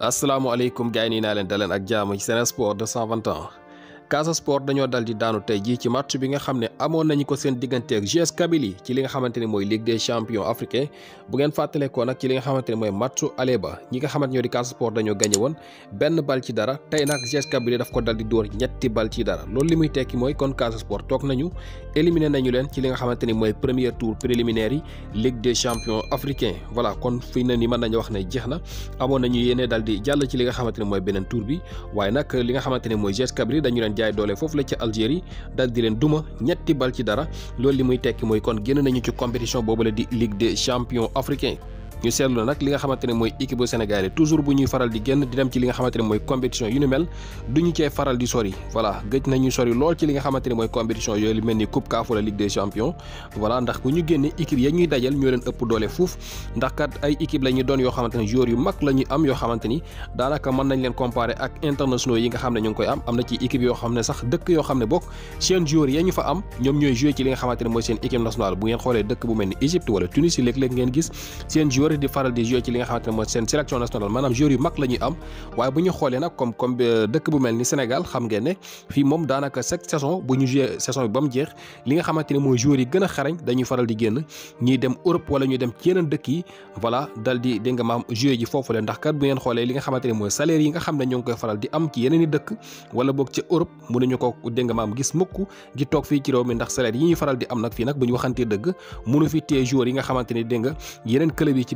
asalaamaaleykum gars yi nii naa leen daleen ak jaamu ci Sen Sports 221 Casa Sport dañoo dal di daanu tey jii ci match bi nga xam ne amoon nañu ko seen digganteeg GS Kabylie ci li nga xamante ne mooy Ligue des champions africain bu ngeen fàttalikoo nag ci li nga xamante ne mooy matchu aller ba ñi nga xamante ñoo di Casa Sport dañoo mooy kon leen ci li nga xamante mooy premier tour préliminaire yi Ligue des champions africain voilà kon fi na ni mën nañu wax ne jeex na amoon nañu yéene dal di jàll ci li nga xamante mooy beneen tour bi waaye nag jaay doole foofu la ca Algérie dal di leen duma ñetti bal ci dara loolu li muy tekki mooy kon génn nañu ci compétition boobu la di Ligue des champions africains ñu sétlu nak li nga xamante moy équipe bu Sénégal yi toujours bu ñuy faral di génn di dem ci li nga xamante moy compétition yu ñu mel duñu ci faral di sori voilà gëj nañu sori lool ci li nga xamante moy compétition yo li melni coupe CAF wala ligue des champions voilà ndax bu ñu génnee équipe ya ñuy dajal ñoo leen ëpp doole fouf ndax kat ay équipe lañu doon yo xamante joueur yu mag lañu am yo xamante ni daanaka mën nañ leen comparer ak internationaux yi nga xamne ñu ngi koy am amna ci équipe yo xamne sax dëkk yo xamne bok seen joueur ya ñu fa am ñom ñoy jouer ci li nga xamante moy seen équipe nationale bu ngeen xolé dëkk bu melni Égypte wala Tunisie lek lek ngeen gis seen joueur bëri di faral di jouer ci li nga xamante mooy salaire yi nga xam ne ñoo ngi koy faral di am ci yeneen dëkk wala boog ci Europe mënuñu ko dégg maam gis mukk di toog fii ci réew mi ndax salaire yi nga xamante ne yeneen club yi ci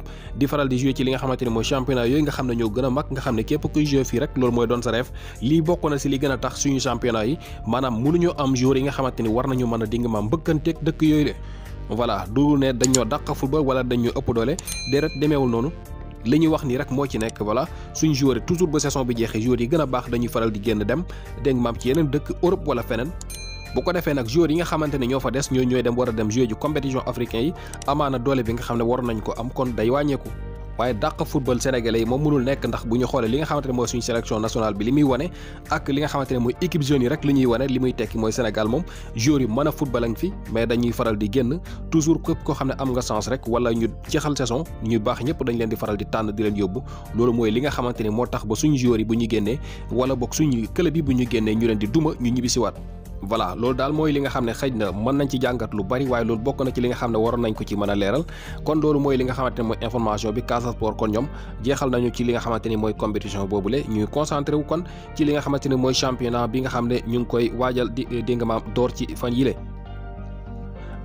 Europe di faral di jouer ci li nga xamante ni mooy championnat yooyu nga xam ne ñoo gën a mag nga xam ne képp kuy jouer fii rek loolu mooy doon sa na si li gën tax suñu championnat yi maanaam mënuñu am joueur yi nga xamante ni war nañu mën a dinga maam mbëkkanteeg dëkk yooyu de voilà du ne dañoo dàq football wala dañoo ëpp doole déret demeewul noonu li wax ni rek moo ci nekk voilà suñ joueur toujours ba saison bi jeexee joueur yi gën a dañuy faral di génn dem dégg maam ci yeneen dëkk Europe wala fenen bu ko defee nag joueurs yi nga xamante ne ñoo fa des ñooy dem war a dem jouer ji compétition africain yi amaana doole bi nga xam ne war nañ ko am kon day wàññeeku waaye dàq football sénégalais yi moom mënul nekk ndax bu ñu xoolee li nga xamante ne mooy suñu sélection nationale bi li muy wane ak li nga xamante mooy équipe jeune yi rek li ñuy wane li muy tekki mooy Sénégal moom joueurs yi mën a football ang fi mais dañuy faral di génn toujours képp koo xam ne am nga chance rek wala ñu jeexal saison ñu baax ñëpp dañ leen di faral di tànn di leen yóbbu loolu mooy li nga xamante ne moo tax ba suñu joueurs bu ñu génnee wala boog suñu club yi bu ñu génnee ñu leen di duma ñu ñibbisiwaat voilà loolu daal mooy li nga xam ne xëj na mën nañ ci jàngat lu bari waaye loolu bokk na ci li nga xam ne waroon nañ ko ci mën a leeral kon loolu mooy li nga xamante ne mooy information bi Casa Sport kon ñoom jeexal nañu ci li nga xamante ni mooy compétition boobule ñuy concentré wu kon ci li nga xamante ni mooy championnat bi nga xam ne ñu ngi koy waajal di eh, dégg maam door ci fan yile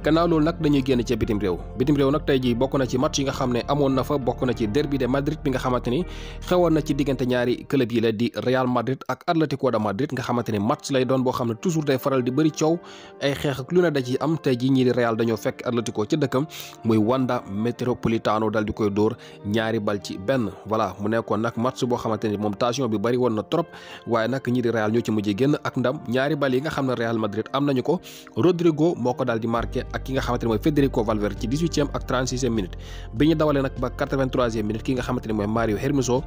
gannaaw loolu nag dañuy génn ca bitim réew bitim réew nag tey jii bokk na ci match yi nga xam ne amoon na fa bokk na ci derby de Madrid bi nga xamante ni xewoon na ci diggante ñaari club yi la di Real Madrid ak Atlético de Madrid nga xamante ni match lay doon boo xam ne toujours day faral di bëri coow ay xeex ak lu ne da ci am tey jii ñii di Real dañoo fekk Atlético ca dëkkam muy Wanda Metropolitano dal di koy dóor ñaari bal ci benn voilà mu nekkoon nag match boo xamante ni moom tension bi bëri woon na trop waaye nag ñii di Real ñoo ci mujjee génn ak ndam ñaari bal yi nga xam ne Real Madrid am nañu ko Rodrigo moo ko daal di marqué ak ki nga xamante ne mooy Federico Valverde ci dix-huitième ak trente-sixième minute bi ñu dawalee nag ba quatre-vingt-troisième minute ki nga xamante mooy Mario Hermoso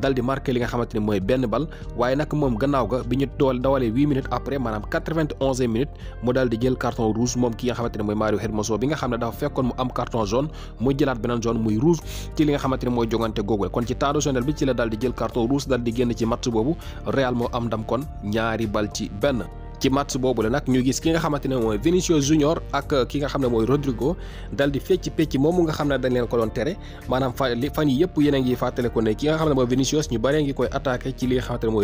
dal di li nga xamante mooy benn bal waaye nag moom gannaaw ga bi ñu dool minutes après maanaam quatre mu dal jël carton rouge moom ki nga xamante mooy Mario Hermoso bi nga xam ne dafa fekkoon mu am carton jaune mu jëlaat beneen jaune muy rouge ci li nga xamante mooy jongante googule kon ci temps additionnel bi ci la dal jël ci match boobu la nag ñu gis ki nga xamante ne mooy Vinicius Junior ak euh, ki nga xam ne mooy Rodrigo dal di fecc pecc moomu nga xam ne dañ leen ko doon tere maanaam fa fan yi yëpp yéen a ngi fàttale ko ne ki nga xam ne mooy Vinicius ñu bëree ngi koy attaqué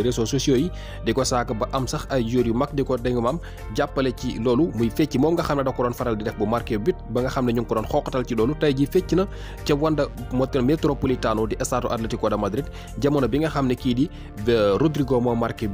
réseaux sociaux yi di ko saaka ba am sax ay joueurs yu mag di ko dégg maam jàppale ci loolu muy fecc moom nga xam ne da ko doon faral di def bu marqué but ba nga xam ne ñu ngi ko doon xooqatal ci loolu tey ji fecc na ca Wanda Metropolitano ne kii di euh, Rodrigo moo marqué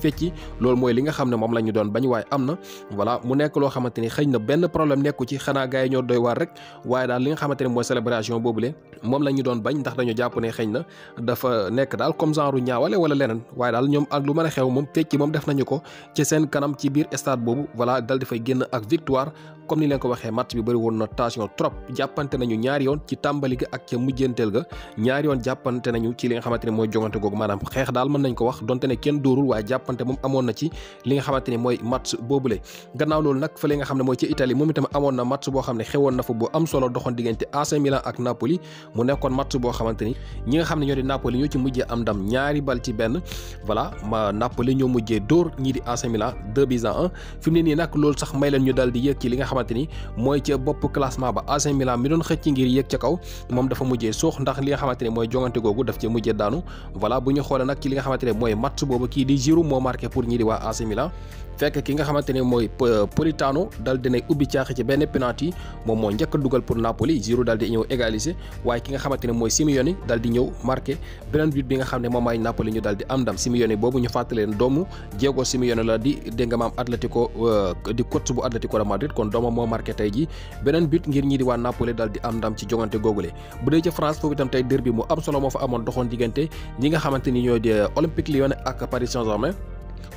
fecci loolu mooy li nga xam ne moom la ñu doon bañ waaye am na voilà mu nekk loo xamante ni xëy na benn problème nekku ci xanaa gars ñoo doy waar rek waaye daal li nga xamante ne mooy célébration boobule moom la ñu doon bañ ndax dañu jàpp ne xëy na dafa nekk daal comme genre ñaawale wala leneen waaye daal ñoom ak lu mën a xew moom fecci moom def nañu ko ci seen kanam ci biir stade boobu voilà dal dafay génn ak victoire comme ni leen ko waxee match bi bëri woon na tension trop jàppante nañu ñaari yoon ci tàmbali ga ak ca mujjanteel ga ñaari yoon jàppante nañu ci li nga xamante ne mooy jongante googu maanaam xeex daal mën nañ ko wax donte ne kenn dóorul waaye jàppante moom amoon na ci li nga xamante ne mooy match boobule gannaaw loolu nag fële nga xam ne mooy ci Italie moom itam amoon na match boo xam ne xewoon na fa bu am solo doxoon diggante AC ak xamante ni mooy ca bopp classement ba AC Milan mi doon xëcc ngir yéeg ca kaw moom dafa mujjee suux ndax li nga xamante mooy jongante googu daf ci mujjee daanu voilà bu ñu xoolee nag ci li nga xamante mooy match boobu kii di Giroud moo marqué pour ñi di waa AC Milan fekk ki nga xamante mooy Politano dal dinay ubbi caaxi ci benn penalty moom moo njëkk dugal pour Napoli Giroud dal di ñëw égaliser waaye ki nga xamante mooy Simeone dal di ñëw marqué beneen but moo marqué tey ji beneen but ngir ñii di waa Napoli dal di am ndam ci jogante googule bu dee ca France foofu itam tey derby mu am solo moo fa amoon doxoon diggante ñi nga xamante ni ñoo di euh, Olympique Lyonnais ak Paris saint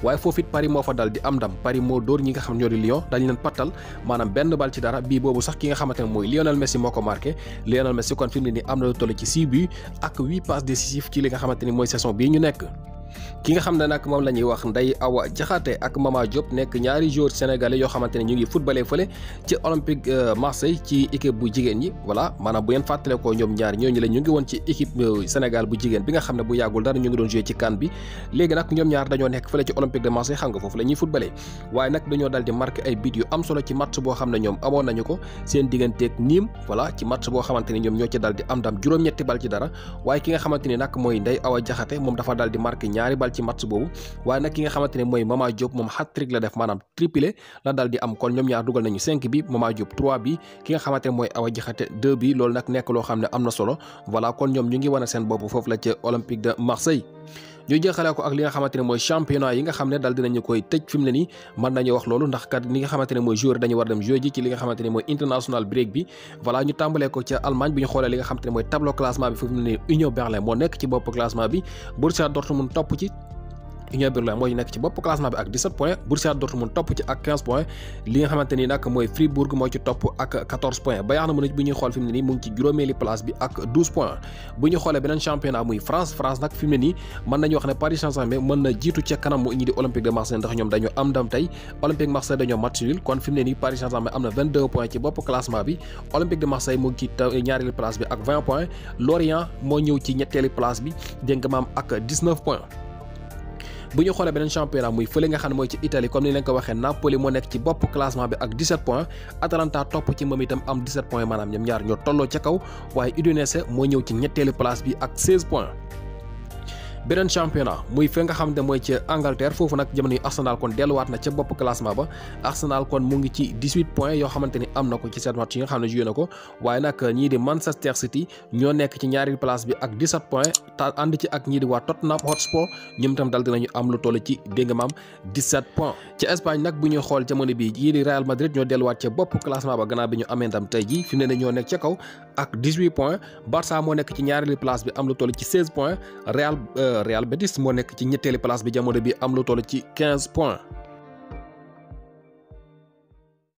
waaye foofu it Paris moo fa dal di am ndam Paris moo dóor ñi nga xam ñoo di Lyon dañu leen pattal maanaam benn bal ci dara bii boobu sax ki nga xamante ne mooy Lionel Messi moo ko marqué Lionel Messi kon fi mu ne am na lu ni mooy saison bii ñu nekk ki nga xam ne nag moom la ñuy wax Ndeye Awa Diakhaté ak Mama Diop nekk ñaari joueurs sénégalais yoo xamante ne ñu ngi footballé fële ci Olympique euh, Marseille ci équipe bu jigéen ñi voilà maanaam bu ngeen fàttale ko ñoom ñaar ñooñu la ñu ngi woon ci équipe euh, Sénégal bu jigéen bi nga xam ne bu yàggul dara ñu ngi doon joué ci CAN bi léegi nag ñoom ñaar dañoo nekk fële ci Olympique de Marseille xam nga foofu la ñuy footballé waaye nag dañoo daal di marqué ay but yu am solo ci match boo xam ñoom amoon nañu ko seen digganteeg Nîmes voilà ci match boo xamante ne ñoom ñoo ci daal di am dam juróom-ñetti bal ci dara waaye ki nga xamante moom dafa daal di marqué ñaar ñaari bal ci match boobu waaye nag ki nga xamante mooy Mama Diop moom hat-trick la def maanaam triplé la daal di am kon ñoom ñaar dugal nañu 5 bi Mama Diop 3 bi ki nga xamante ne mooy Awa Jaxate 2 bi loolu nag nekk loo xam ne am na solo voilà kon ñoom ñu ngi wane seen bopp foofu la ca Olympique de Marseille ñu jeexalee ko ak li nga xamante ne mooy championnat yi nga xam ne daal dinañu koy tëj fi mu ne nii mën nañu wax loolu ndax kat li nga xamante ne mooy joueur dañu war dem jouer ji ci li nga xamante ne mooy international break bi voilà ñu tàmbalee ko ca Allemagne bi ñu xoolee li nga xamante ne mooy tableau classement bi fi mu ne nii Union Berlin moo nekk ci bopp classement bi Borussia Dortmund topp ci Union Berlin mooy nekk ci bopp classement bi ak 17 points Borussia Dortmund topp ci ak 15 li xamante ni nag mooy Fribourg moo ci topp ak 14 points Bayern Munich bu ñuy xool fi mu ne nii mu ngi ci juróomeeli place bi ak 12 points bu ñu xoolee beneen championnat muy France France nag fi mu nii mën nañu wax ne Paris Saint-Germain mën na jiitu ca kanam ñi di Olympique de Marseille ndax ñoom dañoo am ndam tey Olympique Marseille dañoo match nul moo ñëw ci ñetteeli bi dégg nga bu ñu xoolee beneen championnat muy fële nga xam ne mooy ci Italie comme ni leen ko waxee Napoli moo nekk ci bopp classement bi ak 17 points topp ci moom itam am 17 points maanaam ñoom ñaar ñoo tolloo ca kaw waaye Udinese moo ñëw ci ñetteelu place bi ak 16 points. beneen championnat muy fi nga xam ne mooy ca Angleterre foofu nag jamono yi Arsenal kon delluwaat na ca bopp classement ba Arsenal kon mu ngi ci 18 yoo xamante ni am na ko ci seen match yi nga xam ne joué na ko waaye nag ñii di Manchester City ñoo nekk ci ñaari place bi ak 17 points ta ci ak ñii di am lu toll ci dégg nga maam Espagne nag bu ñu xool jamono bi ñii di Real Madrid ñoo delluwaat ca bopp classement ba gannaaw bi ñu amee ndam tey jii fi mu ne ñoo nekk ca kaw ak 18 Real Betis moo nekk ci ñetteeli place bi jamono bi am lu toll ci points